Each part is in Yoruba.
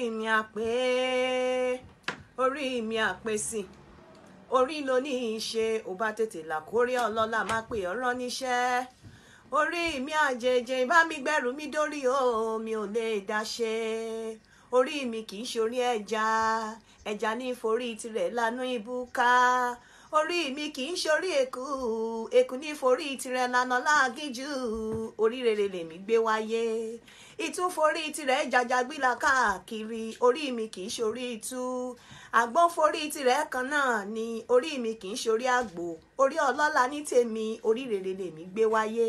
orí mi àpè orí mi àpè sí orí lo ní í ṣe ò bá tètè làkórí ọlọ́lá má pè ọrọ̀ níṣẹ́ orí mi àjèjì bá mi gbẹ̀rù mi dórí o mi ò lè dá ṣe orí mi kì í orí ẹja ẹja ní forí tirẹ̀ lanú ibú orí mi kì í ṣorí èkú èkú ní forí tirẹ̀ lànà láàgíjù orí rere lèmi gbé wáyé ìtúnforí tirẹ̀ jàjàgbìlà káàkiri orí mi kì í ṣorí ìtú àgbọ̀n forí tirẹ̀ kan náà ni orí mi kì í ṣorí àgbò orí ọlọ́lá ní tèmi orí rere lèmi gbé wáyé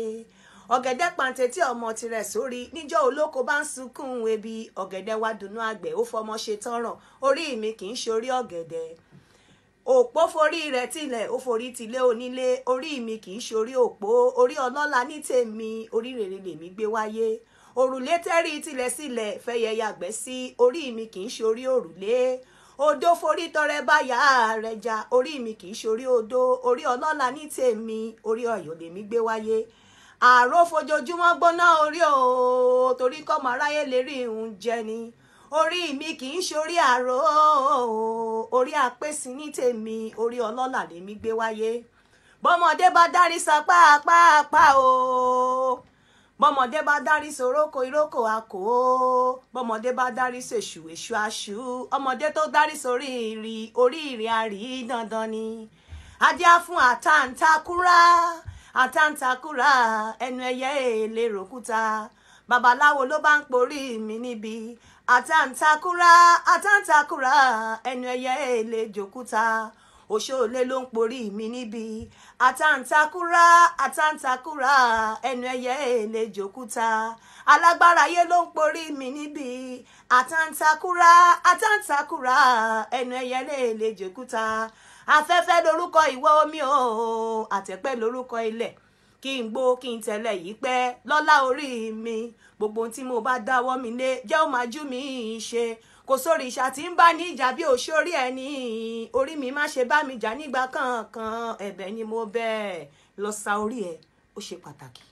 ọ̀gẹ̀dẹ̀ pàǹtẹ̀ tí ọmọ tirẹ̀ sórí níjọ́ olóko bá ń sunkún ebi ọ̀gẹ̀dẹ̀ wá dùnú àgbẹ̀ ó fọmọ ṣe tọrọ orí mi kì í ṣorí ọ̀gẹ̀dẹ̀ òpó forí rẹ̀ tilẹ̀ ó forí tilé onílé orí mi kì í ṣorí òpó orí ọlọ́lá ní tèmi orí rere lèmi gbé wáyé òrùlé tẹ́rí tilẹ̀ sílẹ̀ fẹ́yẹ yàgbẹ́ sí orí mi kì í ṣorí òrùlé odó forí tọrẹ báyà rẹ̀ jà orí mi kì í ṣorí odó orí ọlọ́lá ní tèmi orí ọ̀yọ́ lèmi gbé wáyé àrò fojoojúmọ́ gbóná orí òòó torí kọ́mọ aráyé lè rí ìhun jẹ ni orí mi kì í ṣorí àrò òòó orí apèsìn ní tèmi orí ọlọ́là lèmi gbé wáyé bọ́mọdé bá dárí sapá apá apá o bọ́mọdé bá dárí soróko ìrókò àkó bọ́mọdé bá dárí sèṣù èṣù àṣù ọmọdé tó dárí sórí ìrìn orí ìrìn àrí dandan ni adé á fún àtàǹtakúrá àtàǹtakúrá ẹnu ẹyẹ èlé ròkúta babaláwo ló bá ń porí mi níbi àtàǹtakùrà àtàǹtakùrà ẹnu ẹyẹ èlé jòkúta òṣòlè ló ń porí mi níbi àtàǹtakùrà àtàǹtakùrà ẹnu ẹyẹ èlé jòkúta alágbára ayé ló ń porí mi níbi àtàǹtakùrà àtàǹtakùrà ẹnu ẹyẹ èlé jòkúta afẹ́fẹ́ lorúkọ ìwọ omi o àtẹ̀pẹ́ lorúkọ ilẹ̀ kí n gbó kí n tẹ̀lẹ̀ yìí pẹ́ lọ́lá orí mi gbogbo ohun tí mo bá dáwọ́ mi lé jẹ́ ó máa jú mi ṣe kò sórí ìṣà tí ń bá ní ìjà bí ò sórí ẹni orí mi má ṣe bá mi jà nígbà kankan ẹ̀bẹ̀ ni mo bẹ̀ lọ sa orí ẹ̀ ó ṣe pàtàkì.